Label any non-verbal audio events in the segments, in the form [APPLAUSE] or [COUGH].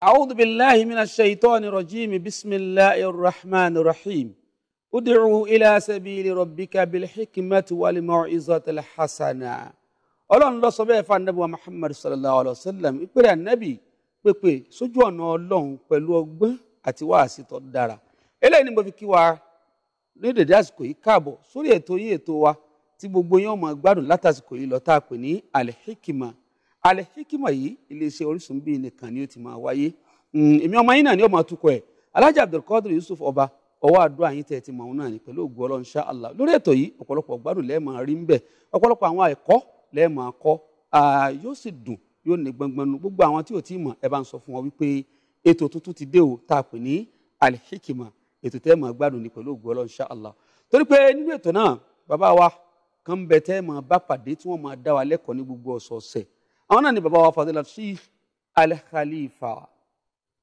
أعوذ بالله من الشيطان الرجيم بسم الله الرحمن الرحيم ادعوا إلى سبيل ربك بالحكمة والموعظة الحسنة ọlọ́run lọ sọ bẹ́ẹ̀ fanabu muhammad sallallahu alayhi wa sallam ìpèrè ànábì pépè sójú ọ̀nà ọlọ́run pẹ̀lú ọgbọ́n àti wáàsí tó dára eléyìí ni mo fi kí wa ní dèdè àsìkò yìí káàbọ̀ sórí ètò yín ètò wa tí gbogbo yín ó máa gbádùn látàsìkò yìí lọ pè ní alhikima alẹ́ hikima yìí iléeṣẹ́ orísun bíi nìkan ni ó ti máa wáyé hmm, èmi ọmọ yín náà ni ó máa tukọ̀ ẹ̀ alhaji abdulkadir yusuf ọba ọwọ́ àdúrà yín tẹ́ ti mọ̀ ọ́n náà ni pẹ̀lú ògùn ọlọ́run ṣá allah lórí ètò yìí ọ̀pọ̀lọpọ̀ gbádùn lẹ́ẹ̀ máa rí ń bẹ̀ ọ̀pọ̀lọpọ̀ àwọn ẹ̀kọ́ lẹ́ẹ̀ máa kọ́ yóò sì dùn yóò ní gbọngbọn nu gbogbo àwọn tí ò tí ì mọ̀ ẹ bá ń sọ fún wọn wípé ètò tuntun ti dé o tá a pè ní alihikima ètò tẹ́ máa gbádùn ni pẹ̀lú ògùn ọlọ́run ṣá allah torí pé nínú ètò náà bàbá wa kan bẹ tẹ́ máa bá pàdé tí wọ́n máa dá wa lẹ́kọ̀ọ́ ní gbogbo ọ̀sọ̀ọ̀sẹ̀ àwọn náà ni bàbá wa fadila sheikh al-khalifa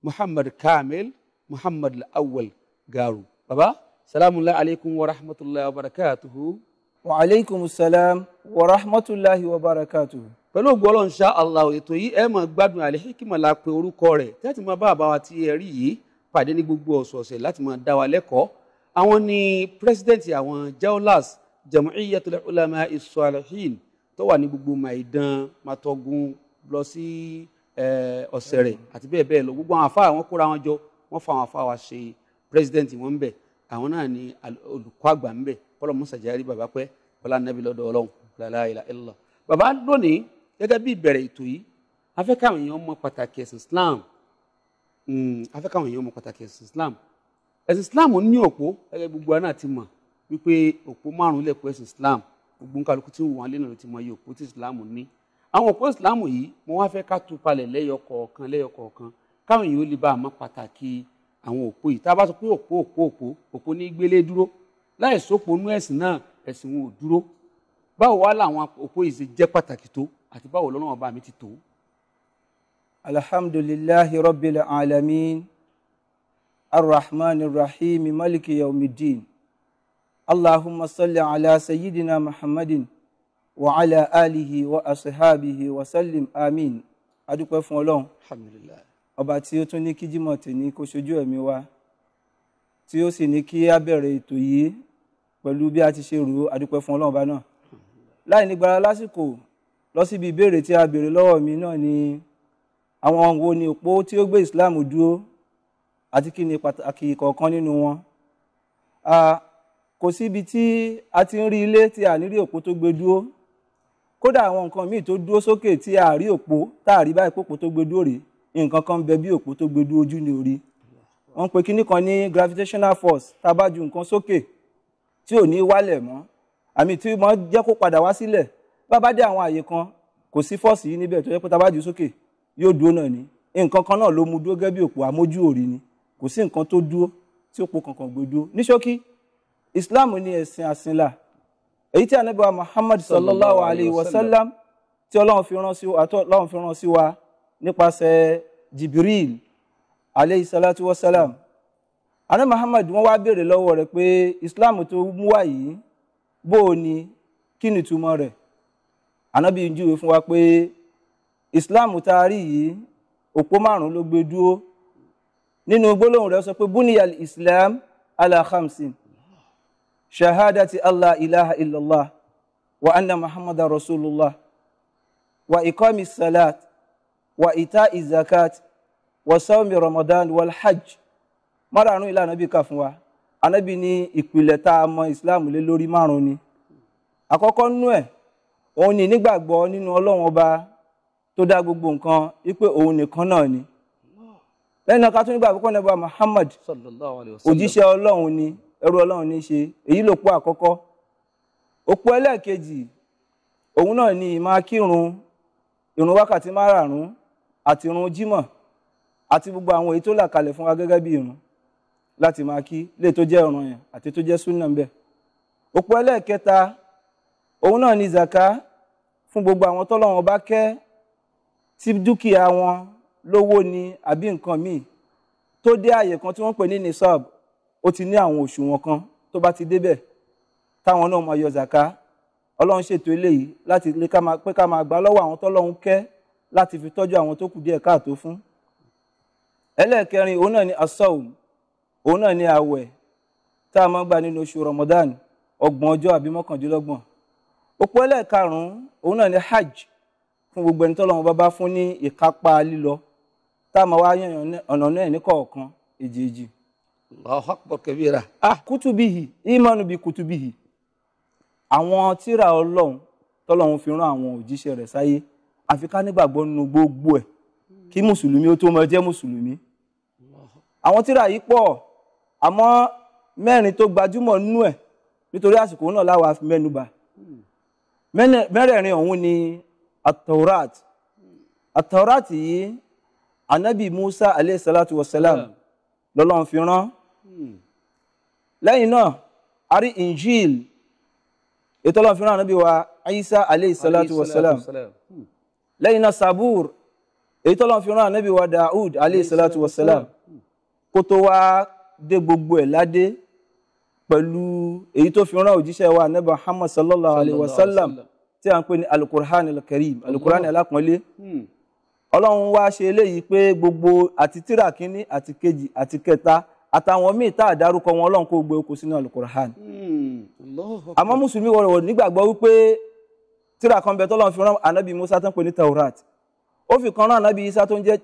muhammad kamil muhammad al-awwal garu bàbá salamu alaykum wa rahmatulahi wa barakatuhu. wa aleykum salam wa rahmatulahi wa barakatuhu pẹ̀lú ògbó ọlọ́run ṣá Allah ètò yìí ẹ máa gbádùn àléhìkìmọ la pe orúkọ rẹ̀ tẹ́tí máa bá àbáwá tí ẹ rí yìí pàdé ní gbogbo ọ̀sọ̀ọ̀sẹ̀ láti máa dá wa lẹ́kọ̀ọ́ àwọn ni president àwọn jaolas jam'iyyatul ulama is-salihin tó wà ní gbogbo maidan matogun lọ sí ọ̀sẹ̀rẹ̀ àti bẹ́ẹ̀ bẹ́ẹ̀ lọ gbogbo àwọn àfáà wọn kóra wọn jọ wọn fa àwọn àfáà wa ṣe president wọn bẹ àwọn náà ni olùkọ́ àgbà ń bẹ kọ́lọ̀ musa jari baba pẹ́ bọ́lá nàbí lọ́dọ̀ ọlọ́run lálá ilà ilà baba lónìí gẹ́gẹ́ bí ìbẹ̀rẹ̀ ètò yìí afẹ́ èèyàn mọ pàtàkì ẹ̀sìn islam hmm, afẹ́ káwọn èèyàn mọ pàtàkì ẹ̀sìn islam ẹ̀sìn islam ní òpó gẹ́gẹ́ gbogbo àná ti mọ̀ wípé òpó márùn-ún lẹ̀kọ́ islam gbogbo kálukú tí wọn lé náà ti mọ iye òpó tí ìsìláàmù ní àwọn òpó ìsìláàmù yìí mo wá fẹ́ ká tú palẹ̀ lẹ́yọ kọ̀ọ̀kan lẹ́yọ kọ̀ọ̀kan káwọn èèyàn ó lè bá àmọ́ pàtàkì àwọn òpó yìí tá a bá sọ pé òpó òpó òpó òpó ní gbélé dúró láì sópo nú ẹ̀sìn náà ẹ̀sìn wọn ò dúró báwo wá làwọn òpó yìí ṣe jẹ́ pàtàkì tó àti báwo lọ́nà ọba mi ti tó. alhamdulillahi rabbil alamin arrahmanirrahim maliki yawmiddin. اللهم صل على سيدنا محمد وعلى آله وأصحابه وسلم آمين adúpẹ́ fún ọlọ́run لله ọba tí ó tún ní kí jímọ̀ tèmi kó ṣojú ẹ̀mí wa tí ó sì ní kí á bẹ̀rẹ̀ ètò yìí pẹ̀lú bí a ti ṣe rò ó adúpẹ́ fún ọlọ́run ọba náà láì nígbàrá lásìkò lọ síbi ìbéèrè tí a béèrè lọ́wọ́ mi náà ni àwọn wo ni òpó tí ó gbé Islam dúró àti kí ni pàtàkì kọ̀ọ̀kan nínú wọn kò síbi tí a ti ń rí ilé tí a ní rí òpó tó gbé dúró kódà àwọn nǹkan míì tó dúró sókè tí a rí òpó tá a rí báyìí pòpò tó gbé dúró rí nǹkan kan bẹ bí òpó tó gbé dúró ojú ni orí wọ́n pe kinní kan ní gravitational force tá a bá ju nǹkan sókè tí ò ní wálẹ̀ mọ́ àmì tí wọ́n jẹ́ kó padà wá sílẹ̀ bá bá dé àwọn àyè kan kò sí fọ́ọ̀sì yìí níbẹ̀ tó yẹ pé tá a bá ju sókè yóò dúró náà ni nǹkan kan náà ló mú dúró gẹ́gẹ́ bí òpó amójú òrí ni kò sí nǹkan tó dúró tí òpó kankan gbé dúró ní ṣókí islam ní ẹ̀sìn àsìnlá èyí tí ànábì muhammad sallallahu alayhi wa sallam tí ọlọ́run fi rán sí wa àti nípasẹ̀ jibril alayhi salatu wa salam ànábì muhammad wọ́n wá béèrè lọ́wọ́ rẹ̀ pé islam tó mú wá yìí bó o ní kí ni ìtumọ̀ rẹ̀ ànábì ń júwe fún wa pé islam tá yìí òpó márùn-ún ló gbé dúró nínú gbólóhùn rẹ̀ sọ pé buniyal islam ala khamsin shahadati allah ilaha illallah wa anna muhammadu rasulullah wa ikami salat wa ita izakat wa sawmi ramadan wal hajj márààrún ìlànà bí ká fún wa anábì ní ìpìlẹ̀ tá a mọ islam lé lórí márùn ni àkọ́kọ́ nínú ẹ̀ òun ni nígbàgbọ́ nínú ọlọ́run ọba tó dá gbogbo nǹkan wípé òun nìkan náà ni lẹ́yìn náà ká tún nígbàgbọ́ pé Ànábì Muhammad òjíṣẹ́ ọlọ́run ni ẹrú ọlọ́run ní í ṣe èyí lòpó àkọ́kọ́ òpó ẹlẹ́ẹ̀kejì òun náà ni ìmáa kírun ìrun wákàtí márààrún àti ìrun jímọ̀ àti gbogbo àwọn èyí tó là kalẹ̀ fún wa gẹ́gẹ́ bí ìrun láti máa kí lè tó jẹ́ ọ̀ràn yẹn àti tó jẹ́ súnà ńbẹ̀ òpó ẹlẹ́ẹ̀kẹta òun náà ni zaka fún gbogbo àwọn tọ́lọ́run bá kẹ́ tí dúkìá wọn lówó ni àbí nǹkan míì tó dé àyè kan tí wọ́n pè ní nisab ó ti ní àwọn òṣùwọ̀n kan tó bá ti débẹ̀ táwọn náà máa yọ zàká ọlọ́run ṣètò eléyìí láti lè ká máa pé ká máa gbà lọ́wọ́ àwọn tọ́lọ́run kẹ́ láti fi tọ́jú àwọn tó kù díẹ̀ káàtó fún. ẹlẹ́ẹ̀kẹrin òun náà ni asọ́ùn òun náà ni àwẹ̀ tá a máa gbà nínú oṣù Ramadan ọgbọ̀n ọjọ́ àbí mọ́kàndínlọ́gbọ̀n. òpó ẹlẹ́ẹ̀karùn-ún òun náà ni hajj fún gbogbo ẹni tọ́lọ́run bá bá fún ní ìkápá lílọ tá a máa wá ọ̀nà náà ní kọ̀ọ̀kan èjì Allahu akbar kabira. ah kútùbíhì ìmánu bíi kútùbíhì àwọn tíra ọlọ́run tọ́lọ́run fi rán àwọn òjíṣẹ́ rẹ̀ sáyé àfi ká nígbàgbọ́ nínú gbogbo ẹ̀ kí mùsùlùmí ó tó máa jẹ́ mùsùlùmí. àwọn tíra yìí pọ̀ àmọ́ mẹ́rin tó gbajúmọ̀ nínú ẹ̀ nítorí àsìkò náà láwa fi mẹ́nuba mẹ́rẹ̀ẹ̀rin ọ̀hún ni ataurat ataurat yìí anabi musa aleyhisalatu wasalam hmm. lọ́lọ́run fi rán lẹ́yìn náà a rí injil ètò ọlọ́run fìràn ànábì wa Isa aleyhi salatu wa salam lẹ́yìn náà sabur ètò ọlọ́run fìràn ànábì wa Daud aleyhi salatu wa salam kó tó wá dé gbogbo ẹ̀ ládé pẹ̀lú èyí tó fi rán òjíṣẹ́ wa ànábì Muhammad sallallahu alayhi wa sallam tí a ń pè ní alukur'an alkarim alukur'an alápọ̀nlé ọlọ́run wá ṣe eléyìí pé gbogbo àti tírà kínní àti kejì àti kẹta àtàwọn míì tá a dárúkọ wọn ọlọ́run kó gbé oko sínú alukur'an. Hmm, àmọ́ mùsùlùmí wọ̀rọ̀ nígbàgbọ́ wípé tíra kan bẹ tọ́lọ́run fi rán anabi musa tó ń ní taurat ó fi kan rán anabi isa tó ń jẹ́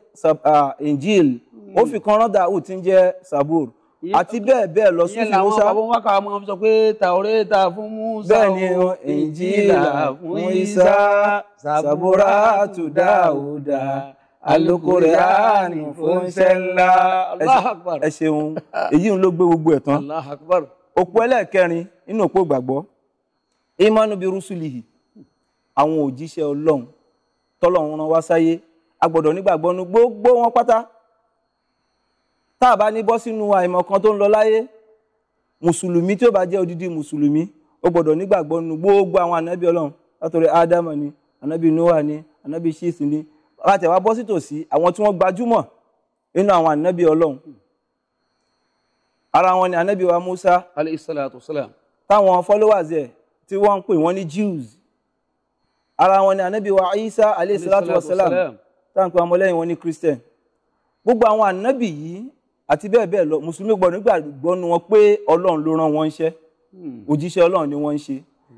injil ó hmm. fi kan rán daud tí ń jẹ́ sabur àti bẹ́ẹ̀ bẹ́ẹ̀ lọ sí fún musa. ìyẹn làwọn bàbá wa kàwọn sọ pé tàwọ́rẹ́ ta fún musa o injila fún isa sabura tu dáúdà. alukoreani fúnṣẹ́lá ẹ ṣeun èyí ló gbé gbogbo ẹ̀ tán òpó ẹlẹ́ẹ̀kẹrin nínú òpó ìgbàgbọ́ imanu bi rusulihi àwọn òjíṣẹ́ ọlọ́run tọ́lọ́run rán wá sáyé a gbọ́dọ̀ nu gbogbo wọn pátá tá a bá ní kan tó ń lọ láyé mùsùlùmí tí ó bá jẹ́ odidi mùsùlùmí ó gbọ́dọ̀ nígbàgbọ́ nu gbogbo àwọn Anabi ọlọ́run látọ̀rẹ́ láti ẹ̀wá bọ́ sí tòsí àwọn tí wọ́n gbajúmọ̀ nínú àwọn ànábì ọlọ́run ara wọn ni ànábì wa Musa táwọn followers ẹ̀ tí wọ́n ń pè wọ́n ní Jews ara wọn ni ànábì wa Isa alayhi salatu wassalam táwọn pè ọmọlẹ́yìn wọn ní Christian gbogbo àwọn ànábì yìí àti bẹ́ẹ̀ bẹ́ẹ̀ lọ mùsùlùmí gbọ́dọ̀ nígbàgbọ́ nu wọn pé ọlọ́run ló rán wọn ṣẹ́ hmm. òjíṣẹ́ ọlọ́run ni wọ́n ń ṣe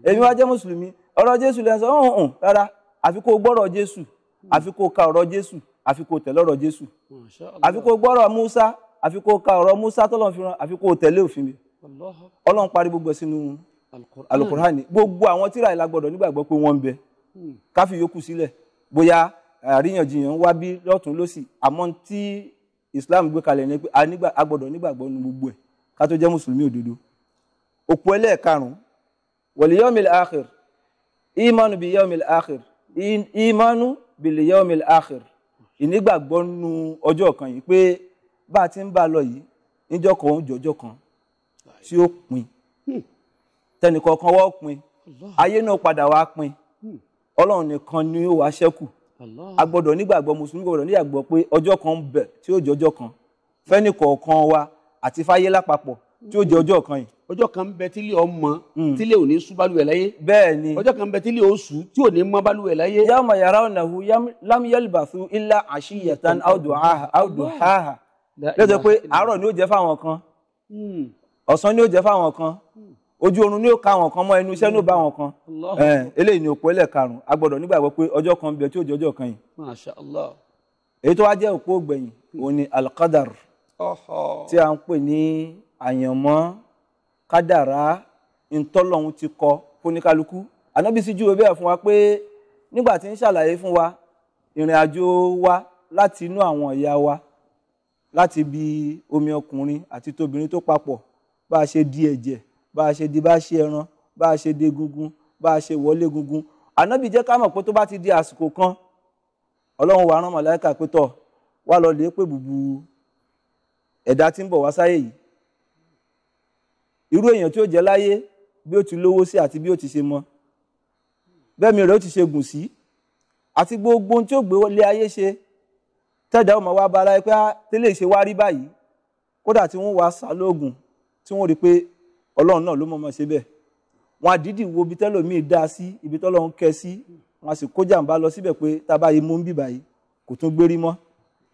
èmi wá jẹ́ mùsùlùmí ọ̀rọ̀ Jésù lẹ́sọ̀ ọ̀hún rárá àfi kó gbọ́rọ̀ Jésù àfi kó ka ọ̀rọ̀ Jésù àfi kó tẹ̀lé ọ̀rọ̀ Jésù àfi kó gbọ́rọ̀ Musa àfi kó ka ọ̀rọ̀ Musa tọ́lọ́run fi rán àfi kó tẹ̀lé òfin mi Ọlọ́run parí gbogbo sínú alukurani gbogbo àwọn tíra ìlà gbọ́dọ̀ nígbàgbọ́ pé wọ́n ń bẹ hmm. káfí yòókù sílẹ̀ bóyá àríyànjiyàn ń wá bí lọ́tún lọ́sì àmọ́ tí Islam gbé kalẹ̀ ni pé a gbọ́dọ̀ nígbàgbọ́ nu gbogbo ẹ̀ ká tó jẹ́ mùsùlùmí òdodo òpó ẹlẹ́ẹ̀karùn-ún wal yawmil akhir imanu bi yawmil akhir imanu bil yawmil akhir ìnígbàgbọ́ nu ọjọ́ kan yìí pé bá a ti ń bá a lọ yìí níjọ́ kan òun jọjọ́ kan tí ó pin hmm. tẹnìkọ̀ọ̀kan wọ́n pin ayé náà padà wá pin hmm. ọlọ́run nìkan ni ó wá ṣẹ́kù a nígbàgbọ́ mùsùlùmí gbọ́dọ̀ nígbàgbọ́ pé ọjọ́ kan ń tí ó jọjọ́ kan fẹ́nìkọ̀ọ̀kan wa àti fáyé lápapọ̀ tí ó jọjọ́ kan yìí ọjọ́ kan bẹ tílé ọmọ hmm. tílé ò ní sú balùwẹ̀ láyé. bẹ́ẹ̀ ni ọjọ́ kan bẹ tílé oṣù tí ò ní mọ balùwẹ̀ láyé. yàmà yàrá ọ̀nà hu lámúyẹ́lìbàfú ilá àṣìyẹ̀tàn áùdùháhà lọ́jọ́ pé àárọ̀ ni ó jẹ́ fáwọn kan hmm. ọ̀sán ni ó jẹ́ fáwọn kan hmm. ojú oorun ni ó ka àwọn kan mọ́ ẹnu iṣẹ́ ní ó bá àwọn kan eléyìí ni òpó ẹlẹ́ karùn-ún a gbọ́dọ̀ nígbàgbọ́ pé ọjọ́ kan bẹ tí ó jẹ́ ọjọ́ kan yìí. Masha Allah. èyí tó wá jẹ́ òpó ògbẹ̀yìn òun a ń kádàrá ntọ́lọ́hún ti kọ fóníkálukú ànábì sì júwe bẹ́ẹ̀ fún wa pé nígbà tí ń ṣàlàyé fún wa ìrìn àjò wa láti inú àwọn ìyá wa láti bi omi ọkùnrin àti tóbìnrin tó papọ̀ bá a ṣe di ẹ̀jẹ̀ bá a ṣe di bá a ṣe ẹran bá a ṣe de egungun bá a ṣe wọlé egungun ànábì jẹ́ ká mọ̀ pé tó bá ti di àsìkò kan ọlọ́run wa rán màláíkà pé tọ̀ wá lọ lè pè bùbù ẹ̀dá tí ń bọ̀ wá sáyé yìí irú èèyàn tí ó jẹ́ láyé bí ó ti lówó sí àti bí ó ti ṣe mọ bẹ́ẹ̀mi rẹ̀ ó ti ṣe gùn sí àti gbogbo ohun tí ó gbé lé ayé ṣe tẹ́jà ó mọ̀ wá bá láyé pé ah, tẹ́lẹ̀ ṣe wá rí báyìí kódà tí wọ́n wá sá lóògùn tí wọ́n rí pé ọlọ́run náà ló mọ̀ọ́mọ̀ ṣe bẹ́ẹ̀ wọn àdídì wo ibi tẹ́lòmíì dá sí ibi tọ́lọ́run kẹ́ sí wọn a sì kó jàǹbá lọ síbẹ̀ pé tá a bá yí mú ń bì báyìí kò tún gbérí mọ́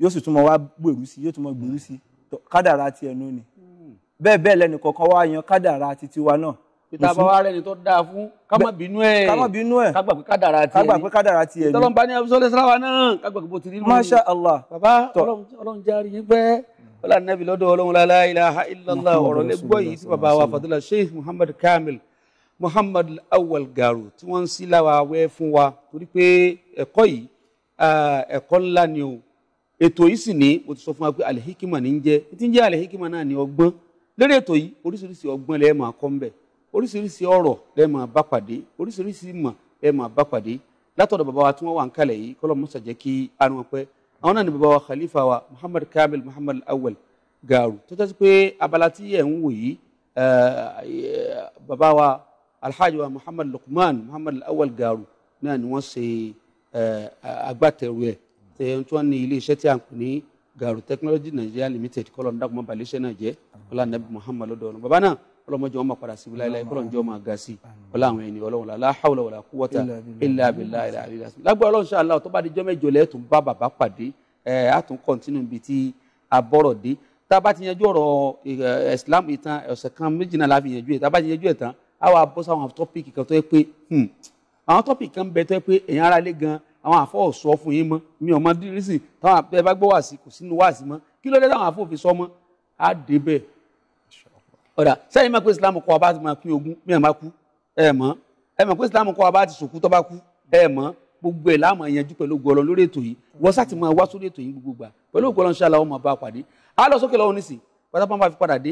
yóò sì tún mọ wá gbèrú sí yóò tún mọ gbèrú sí kádàrá tiẹ̀ nù ni bẹ́ẹ̀ bẹ́ẹ̀ lẹ́nu kọ̀ọ̀kan wá yan kádàrá àti tiwa náà. pété àbáwá rẹ ni tó dáa fún kámọ bínú ẹ kámọ bínú ẹ kágbà pé kádàrá tiẹ ni kágbà pé kádàrá tiẹ ni. tọ́lọ́mùbá ní náà kágbà pé bó ti rí lónìí. masha allah baba ọlọ́run járe yín pẹ́ ọlá nàbì lọ́dọ̀ ọlọ́run la ilaha illallah ọ̀rọ̀ lè gbọ́ yìí sí baba wa fadúlà sheikh muhammad kamil muhammad awal garu tí wọ́n ń sí láwa wẹ́ fún wa torí pé ẹ̀kọ́ yìí ẹ̀kọ́ ńlá ni o ètò yìí sì ní mo ti sọ fún wa pé alihikima ní ń jẹ́ ti ń jẹ́ alihikima náà ní ọgbọ́n lórí ètò yìí oríṣiríṣi ọgbọ́n lẹ́ẹ̀ máa kọ́ ńbẹ̀ oríṣiríṣi ọ̀rọ̀ lẹ́ẹ̀ máa bá pàdé oríṣiríṣi ìmọ̀ lẹ́ẹ̀ máa bá pàdé látọ̀dọ̀ bàbá wa tí wọ́n wà ń kalẹ̀ yìí kọ́lọ́ mọ́sà jẹ́ kí arun ọpẹ́ àwọn náà ni bàbá wa khalifa wa muhammad kamil muhammad awal garu tó tẹ́sí pé abala tí ẹ̀ ń wò yìí bàbá wa alhaji wa muhammad lukman muhammad awal garu náà ni wọ́n ṣe agbátẹrù ẹ̀ tẹ̀ tí wọ́n ní ilé tí a ń pè ní garu technology nigeria limited kọlọ̀ ndàkùn mọ́ balẹ̀ iṣẹ́ náà jẹ́ ọlá nàbí muhammad lọ́dọ̀ ọ̀nà bàbá náà ọlọ́mọdé wọn máa padà síbi láìláì kọlọ̀ njẹ́ wọn máa ga sí ọlá àwọn ènìyàn ọlọ́wọ́n la hawla wala quwwata illa billahi ilà lágbára ọlọ́run ṣáàlá tó bá di jọ́ mẹ́jọ lẹ́ẹ̀ tó ń bá bàbá pàdé ẹ̀ á tún kọ́ntínú ibi tí abọ́rọ̀ dé tá ti yanjú ọ̀rọ̀ eh, islam itan, ọ̀sẹ̀ kan méjì náà la fi yanjú ẹ̀ tá a bá ti yanjú ẹ̀ tán á wà bọ́ sáwọn tọ́pìkì kan tó yẹ pé hmm, àwọn tọ́pìkì kan bẹ tó yẹ pé èèyàn ara lé gan àwọn àfọ ọ̀sọ́ fún yín mọ́ mi ò mọ dírísì táwọn abẹ́ bá gbọ́ wàásì kò sínú wàásì mọ́ kí ló dé táwọn àfọ òfin sọ mọ́ á dé bẹ́ẹ̀. ọ̀dà sẹ́yìn máa pé Islam kọ́ ọba ti máa pín ogún mi àmà kú ẹ mọ̀ ẹ mọ̀ pé Islam kọ́ ọba ti sòkú tọ́ba kú ẹ mọ̀ gbogbo ẹ̀ láàmú ẹ̀yànjú pẹ̀lú gọlọ lórí ètò yìí wọ́n sá ti máa wá sórí ètò yìí gbogbo gbà pẹ̀lú gọlọ ń ṣàlàyé ọmọ bá pàdé á lọ sókè lọ́wọ́ nísì pátápá máa fi padà dé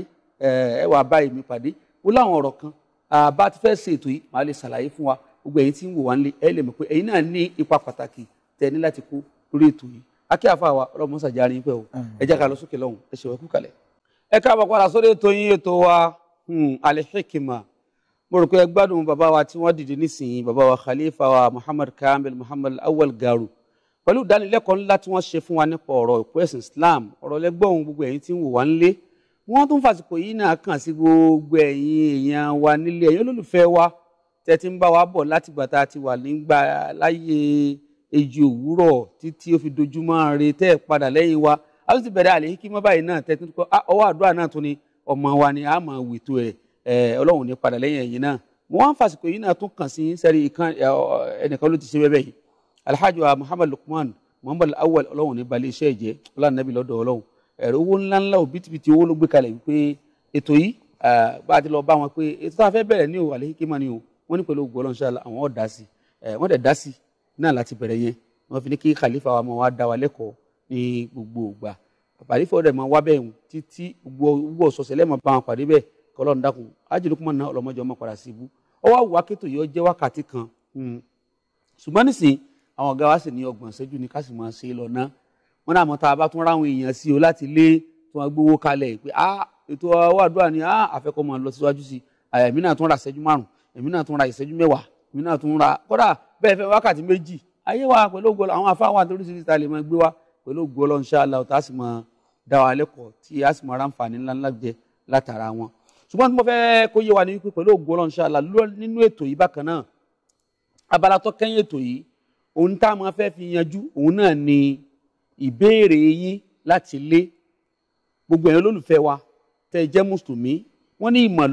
ẹ wà báyìí mi pàdé ó láwọn ọ̀rọ̀ kan àbá ti fẹ́ ṣe ètò yìí màá lè ṣàlàyé fún wa gbogbo ẹ̀yin tí ń wò wá nílé ẹ lè mọ̀ pé ẹ̀yin náà ní ipa pàtàkì tẹ ní láti kó lórí ètò yìí akí àfàwà ọlọmọ sàjà rí pẹ o ẹ jẹ́ ká lọ sókè lọ́hùn ẹ ṣèwẹkú kalẹ̀. ẹ káàbọ̀ padà sórí ètò yín ètò wa hmm, alihikima mo rò pé ẹ gbádùn bàbá wa tí wọ́n dìde nísìnyí bàbá wa khalifa wa muhammad kamil muhammad awal garu pẹ̀lú ìdánilẹ́kọ̀ọ́ ńlá tí wọ́n ṣe fún wa nípa ọ̀rọ̀ ìpò ẹ̀sìn islam ọ̀rọ̀ lẹ́gbọ̀n gbogbo ẹ̀yin tí ń wò wá nílé wọ́n tún fàsìkò yìí náà kàn sí gbogbo ẹ̀yin èèyàn wa nílé ẹ̀yin olólùfẹ́ wa tẹ́tí ń bá wa bọ̀ láti gbà tá a ti wà nígbà láyé èjì òwúrọ̀ títí ó fi dojúmọ́ re tẹ́ ẹ̀ padà lẹ́yìn wa a tún ti bẹ̀rẹ̀ àlékímọ́ báyìí náà tẹ́tí kọ́ ọwọ́ àdúrà náà tún ni ọmọ wa ni a máa wètò ẹ̀ ọlọ́run ní padà lẹ́yìn ẹ̀yìn náà wọ́n á fàsìkò yìí náà tún kàn sí sẹ́rí ẹnìkan ló ti ṣe bẹ́ẹ̀ yìí alhaji wa muhammad lukman muhammad awal ọlọ́run ní balẹ̀ iṣẹ́ ìjẹ́ ọlọ́run nàbí lọ́dọ̀ ọlọ́run ẹ̀rọ owó ńláńlá òbítíbitì wọ́n ní pẹ̀lú ògùn ọlọ́run ṣáà àwọn ọ̀dà sí eh, wọ́n dẹ̀ dá sí náà láti bẹ̀rẹ̀ yẹn wọ́n fi ní kí khalifa wa máa wá dá wa lẹ́kọ̀ọ́ ní gbogbo ògbà khalifa ọ̀dẹ̀ máa wá bẹ́ẹ̀ títí gbogbo ọ̀sọ̀ọ̀sẹ̀ lẹ́ẹ̀mọ́ bá wọn pàdé bẹ́ẹ̀ kọlọ́run dákun ajínukúmọ̀ náà ọlọ́mọjọ́ máa padà sí ibú ọ wá wù akétò yìí ó wákàtí kan hmm. ṣùgbọ́n nísìnyí àwọn ọ̀gá wa sì ní ọgbọ̀n ṣẹ́jú ni ká sì máa ṣe lọ ná wọn náà mọ̀ tá a bá tún ráwọn èèyàn sí o láti lé tí wọ́n gbowó kalẹ̀ pé ah ètò àwàdúrà ni ah àfẹ́kọ́ máa lọ síwájú sí àyàmí náà tún rà ṣẹ́jú márùn èmi náà tún ra ìṣẹ́jú mẹ́wàá èmi náà tún ra kódà bẹ́ẹ̀ fẹ́ wákàtí méjì ayé wa pẹ̀lú ògo àwọn afáwà àtòrí sí ta lè máa gbé wa pẹ̀lú ògo Ọlọ́run ṣá la ọ̀tá sì máa dá wa lẹ́kọ̀ọ́ tí a sì máa ra àǹfààní ńlá ńlá jẹ látara wọn ṣùgbọ́n tí mo fẹ́ kó yé wa ní wípé pẹ̀lú ògo Ọlọ́run ṣá la nínú ètò yìí bákan náà abala kẹ́yìn ètò yìí ohun tá a máa fẹ́ fi yanjú òun náà ni ìbéèrè yín láti lé gbogbo ẹ̀yin olólùfẹ́ wa tẹ́ jẹ́ mùsùlùmí wọ́n ní ìmọ̀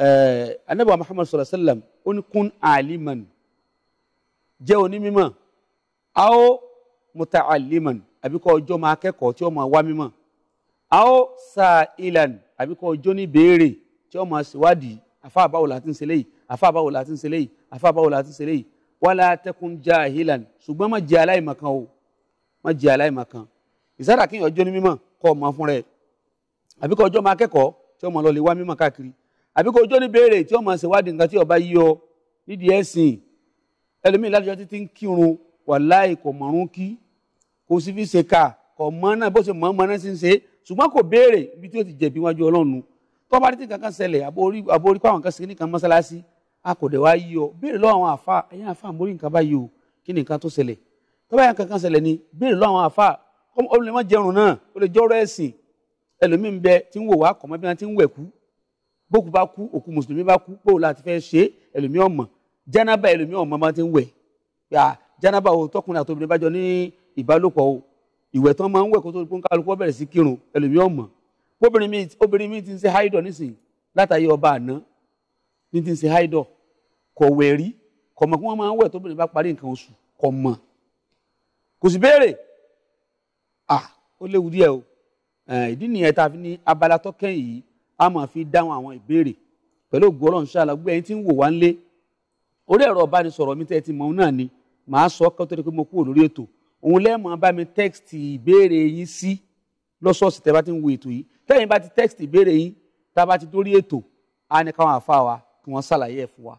ẹẹ eh, anabi muhammad sallallahu alaihi wa sallam ó ní kun aliman jẹ́ onímọ̀ aw mutaaliman àbí kó ọjọ́ máa kẹ́kọ̀ọ́ tí ó máa wá mímọ̀ aw sa'ilan àbí kó ọjọ́ ní béèrè tí ó máa ṣèwádìí afa báwo la ti ń ṣe léyìí afa báwo la ti ń ṣe léyìí afa báwo la ti ń ṣe léyìí wala takun jahilan ṣùgbọ́n má jẹ́ aláìmọ̀kan o má jẹ́ aláìmọ̀kan ìsára kí ọjọ́ ní mímọ̀ kọ́ ọmọ fún rẹ̀ àbí kó ọjọ́ máa tí ó máa lọ lè wá mímọ̀ káàkiri àbí kò jó ní béèrè tí ọmọ ṣèwádìí nǹkan tí ọba yí ọ nídìí ẹ̀sìn ẹlòmíì látijọ́ títí ń kírun wàláì kò mọ̀rún kí kò sì fi ṣe kà kò mọ́ náà bó ṣe mọ́ mọ́ náà sì ń ṣe ṣùgbọ́n kò béèrè ibi tí ó ti jẹ̀bi wájú ọlọ́run tó bá títí kankan ṣẹlẹ̀ àbórí kó àwọn kan ṣe nìkan mọ́ṣáláṣí a kò dẹ̀ wá yí ọ béèrè lọ́wọ́ àwọn àfa ẹ̀yìn àfa àmórí nǹkan báyìí o kí nìkan tó ṣẹlẹ̀ tó bá yàn kankan ṣẹlẹ̀ ni béèrè lọ́wọ́ àwọn àfa ó lè má jẹun náà ó lè jọ́rọ̀ ẹ̀sìn ẹlòmíì ń bẹ tí ń wò wá kọ̀mọ́ bí ti ń wẹ̀kú bókú bá kú òkú mùsùlùmí bá kú bóòlù àti fẹ́ ṣe ẹlòmíì ọ̀mọ̀ jánábà ẹlòmíì ọ̀mọ̀ máa ti ń wẹ̀ yà jánábà o tọkùnrin àtobìnrin bá jọ ní ìbálòpọ̀ o ìwẹ̀ tán máa ń wẹ̀ kó tó ń kálukú bẹ̀rẹ̀ sí kírun ẹlòmíì ọ̀mọ̀ obìnrin mi ti ń ṣe háìdọ̀ nísìnyí látàyè ọba àná ní ti ń ṣe háìdọ̀ kò wẹ̀ rí kò kí wọ́n máa ń wẹ̀ tóbìnrin bá parí nǹkan oṣù kò mọ̀ kò sì béèrè à ó léwu díẹ̀ o ìdí nìyẹn tá a fi ní abala tó yìí a máa fi dáhùn àwọn ìbéèrè pẹ̀lú ògùn ọlọ́run ṣáàlà gbogbo ẹni tí ń wò wá ń lé orí ẹ̀rọ ìbánisọ̀rọ̀ mi tẹ́ ti mọ̀ náà ni màá sọ ọ́ kọ́tọ́ pé mo kúrò lórí ètò òun lẹ́ẹ̀ bá mi tẹ́kìtì ìbéèrè yín sí lọ́sọ̀ọ̀sì tẹ́ bá ti ń wo ètò yìí tẹ́yìn bá ti tẹ́kìtì ìbéèrè yín tá a bá ti dórí ètò á ní káwọn àfa wa kí wọ́n ṣàlàyé ẹ̀ fún wa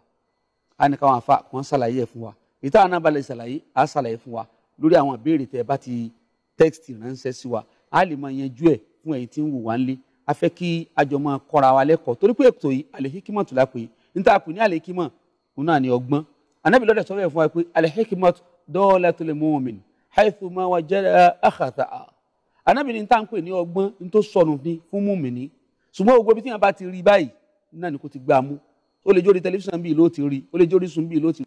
á ní káwọn àfa kí wọ́n ṣàlàyé ẹ̀ fún wa ìta àná balẹ̀ ṣàlàyé á ṣàlàyé fún wa lórí àwọn ìbéèrè tẹ́ bá ti tẹ́kìtì ránṣẹ́ sí wa á lè máa yanjú ẹ̀ fún a fẹ́ kí àjọ máa kọ́ra wa lẹ́kọ̀ọ́ torí pé ètò yìí alihikima tó la pè é níta pè ní alihikima òun náà ní ọgbọ́n anabi lọ́dẹ̀ sọ́fẹ́ fún wa pé alihikima dọ́ọ̀lá tó lè mú wọn mìíràn haithu ma wa jẹ́rẹ̀ àkàtà á anabi ní táǹpẹ̀ ní ọgbọ́n ní tó sọnù ní fún mú mi ní ṣùgbọ́n gbogbo ibi tí wọn bá ti rí báyìí náà ni kò ti gbà mú ó lè jórí tẹlifíṣàn bíi ló ti rí ó lè jórí sùn bíi ló ti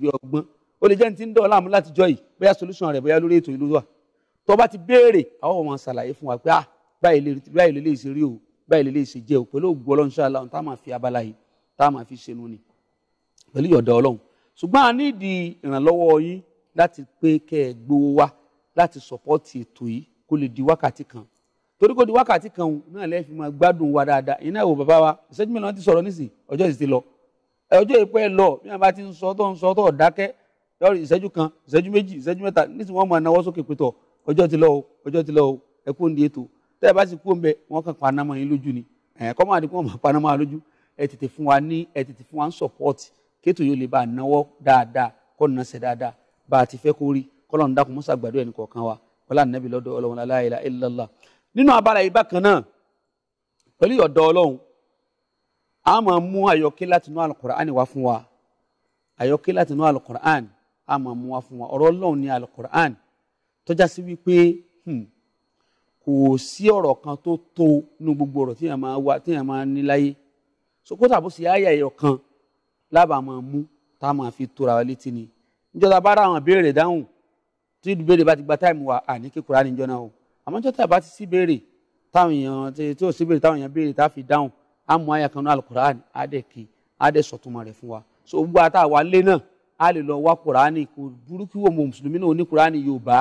ó báyìí lè ṣe jẹ́ o pẹ̀lú ògùn ọlọ́run ṣáàlà ohun tá a máa fi abala yìí tá a máa fi ṣe nu ni pẹ̀lú ìyọ̀dá ọlọ́run ṣùgbọ́n a ní ìdí ìrànlọ́wọ́ yín láti pé kẹ́ ẹ gbowó wá láti sọ̀pọ́tì ètò yìí kó lè di wákàtí kan torí kó di wákàtí kan náà lẹ́ẹ̀fi máa gbádùn wa dáadáa iná ìwò bàbá wa ìṣẹ́jú mélòó ti sọ̀rọ̀ nísì ọjọ́ ìsìn lọ ọjọ́ ìpẹ́ lọ bí wọ́n bá ti ń sọ tó ń sọ tó dákẹ́ lórí ìṣẹ́jú kan ìṣẹ́jú méjì ìṣẹ́jú mẹ́ta nísìnyí wọ́n máa náwó sókè pé tọ̀ ọjọ́ ti lọ o ọjọ́ ti lọ o ẹ kú òǹdí ètò tẹ́ ẹ bá sì kú ọ̀nbẹ wọ́n kàn pa anamọ yín lójú ni ẹ̀ kọ́ máa di kí wọ́n máa pa anamọ lójú ẹ tètè fún wa ní ẹ tètè fún wa ń sọ̀pọ́ọ̀tì kéètò yóò lè bá a náwó dáadáa kọ́ ọ̀nà sẹ̀ dáadáa bá a ti fẹ́ kó kọ́lọ̀ ń dákun mọ́sá gbàdúrà ẹnì kọ̀ọ̀kan wa wọlé ànábì lọ́dọ̀ ọlọ́run la ilaha illallah nínú abala yìí bákan náà pẹ̀lú ọ̀dọ̀ ọlọ́run a máa mú àyọkẹ́ láti inú alukur'an wá fún wa àyọkẹ́ láti inú alukur'an a máa mú wá fún wa ọ̀rọ̀ ọlọ́run kò sí ọ̀rọ̀ kan tó tó nu gbogbo ọ̀rọ̀ téèyàn máa wá téèyàn máa ní láyé so kó tàbó sì áyà ẹ̀yọ̀ kan lábàá máa mú tá a máa fi tóra wa létí ni níjọ́ tá a bá rà àwọn béèrè dáhùn tí béèrè bá ti gba táìmù wa àní kíkura níjọ́ náà o àmọ́ níjọ́ tá a bá ti sí béèrè táwọn èèyàn tí ò sí béèrè táwọn èèyàn béèrè tá a fi dáhùn á mú àyà kan ní alukur'an á dẹ̀ kí á dẹ̀ sọ̀túnmọ̀ rẹ̀ fún wa so gbogbo àtàwọn alẹ́ náà á lè lọ wá kur'an kò burúkú wo mùsùlùmí náà oní kur'an Yorùbá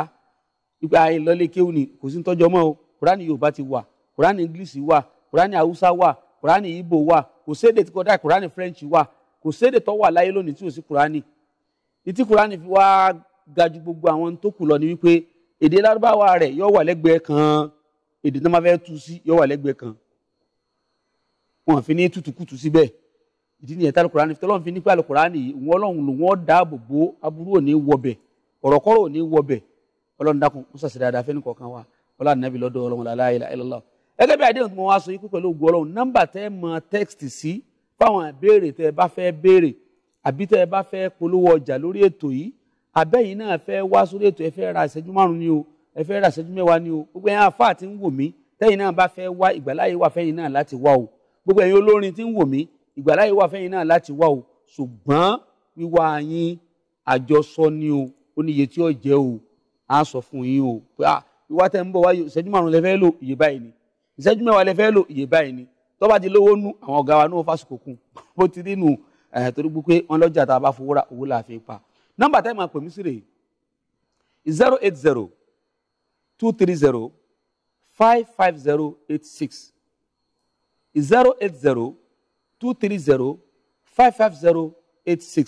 ipa ìlọlé kéwù ni kò sí tọ́jọ́ mọ́ o kùránì yorùbá ti wà kùránì english wà kùránì haúsá wà kùránì igbo wà kò séde tí kò dá kùránì french wà kò séde tó wà láyé lónìí tí ò sí kùránì ìtí kùránì fi wá ga gbogbo àwọn tó kù lọ ni wípé èdè lárúbáwá rẹ̀ yóò wà lẹ́gbẹ̀ẹ́ kan èdè tó máa fẹ́ tu sí yóò wà lẹ́gbẹ̀ẹ́ kan wọn fi ní tutukutu síbẹ̀ ìdí nìyẹn tálù kùránì tọ́lọ́run fi nípa àlùkùránì yìí wọn ọlọ́run ló wọn dáàbò bo aburú ò ní wọbẹ̀ ọ̀rọ̀kọ́rọ̀ ò ní wọbẹ̀ ọlọ́run dákun ó sàṣẹ dáadáa fẹ́ni kọ̀ọ̀kan wa ọlọ́run nàbí lọ́dọ̀ ọlọ́run la ilaha illallah gẹ́gẹ́ bí àdéhùn tí mo wá sọ yín pẹ̀lú ògùn ọlọ́run nọ́mbà tẹ́ mọ tẹ́kìtì sí fáwọn ìbéèrè tẹ́ ẹ bá fẹ́ béèrè àbí tẹ́ ẹ bá fẹ́ polówó ọjà lórí ètò yìí àbẹ́yìn náà fẹ́ wá sórí ètò ẹ fẹ́ ra ìṣẹ́jú márùn-ún ni o ẹ fẹ́ ra ìṣẹ́jú mẹ́wàá ni o gbogbo ẹ̀yin àfáà tí ń wò mí tẹ́yìn náà bá fẹ́ wá ìgbàláyé wà fẹ́yìn náà láti wá o gbogbo ẹ̀yin olórin tí ń wò mí ìgbàláyé wà fẹ́yìn náà láti wá o ṣùgbọ́n wíwá yín àjọsọ ni o ó níye o á sọ fún yín o pé à ah, ìwà tẹ̀ ń bọ̀ wáyé ìṣẹ́jú márùn lẹ fẹ́ lò iye báyìí ni ìṣẹ́jú mẹ́wàá lẹ fẹ́ lò iye báyìí ni tó bá ti lówó nú àwọn ọ̀gá wa náà fásitì kún bó [LAUGHS] ti rí nù ẹ̀ torí pé wọn lọ́jà tá a bá fowó ra owó la fi pa nọ́mbà tẹ́ máa pè mí sí rèé zero eight zero two three zero five five zero eight six zero eight zero two three zero five five zero eight six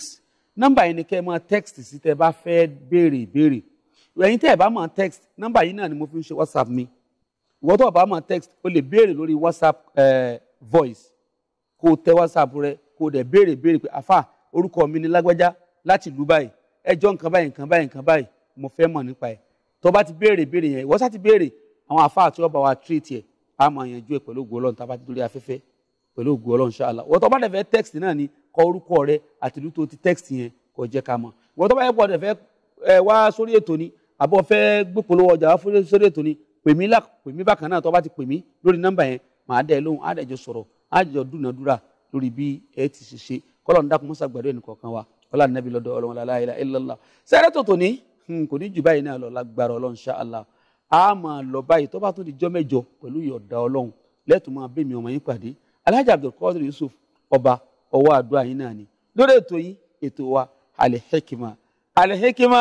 nọ́mbà yìí ni kẹ́ ẹ máa text sí tẹ́ ẹ bá fẹ́ béèrè ìbéèrè ẹ̀yin tẹ́ ẹ̀ bá mọ̀ text nọ́mbà yìí náà ni mo fi ń ṣe whatsapp mi ìwọ tó bá mọ̀ text o lè béèrè lórí whatsapp eh, voice kó o tẹ whatsapp rẹ kó o dẹ̀ béèrè béèrè pé àfà orúkọ mi ni lágbájá láti ìlú báyìí ẹjọ́ nǹkan báyìí nǹkan báyìí nǹkan báyìí mo fẹ́ mọ̀ nípa ẹ̀ tó bá ti béèrè béèrè yẹn ìwọ sá ti béèrè àwọn àfà àti ọba wa treat yẹ a máa yanjú ẹ pẹ̀lú ògùn ọlọ́run tá a bá ti dórí afẹ́fẹ́ pẹ̀lú ògùn ọlọ́run ṣáàlà ìwọ tó bá dẹ̀ fẹ́ text náà ni kọ orúkọ rẹ àtìlú tó ti text yẹn kó jẹ́ ká mọ̀ ìwọ tó bá yẹ kó eh, wá sórí ètò ni àbọ̀ fẹ́ gbópolówó ọjà fún sórí ètò ni pè mí là pè bákan náà tó bá ti pè mí lórí nọ́mbà yẹn màá dẹ̀ lóhùn á dẹ̀ jọ sọ̀rọ̀ á jọ dúnàdúrà lórí bí ẹ ti ṣe ṣe kọ́lọ̀ ń dákun mọ́sá gbàdúrà ẹnìkọ̀ọ̀kan wa ọlá nàbí lọ́dọ̀ ọlọ́run la ilaha illallah sẹ́rẹ́ tòtò ní hmm, kò ní jù báyìí náà lọ lágbára ọlọ́run ṣá àlá máa lọ báyìí tó bá tún di jọ́ mẹ́jọ pẹ̀lú ìyọ̀dà ọlọ́run lẹ́tùn máa bẹ́mi ọmọ yín pàdé alhaji abdulkadir yusuf ọba ọwọ́ àdúrà yín náà ni lórí ètò yín ètò wa alihekima alihekima.